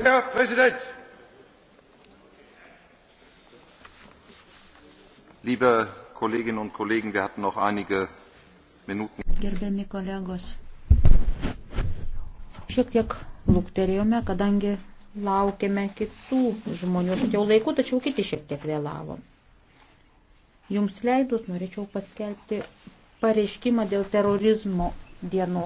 herr präsident liebe kolleginnen und kollegen! wir hatten noch einige minuten gerbiami kolegos šiek tiek lukterėjome kadangi laukėme kitų žmonių jau laiku tačiau kiti šiek tiek vėlavo jums leidus norėčiau paskelbti pareiškimą dėl terorizmo dienos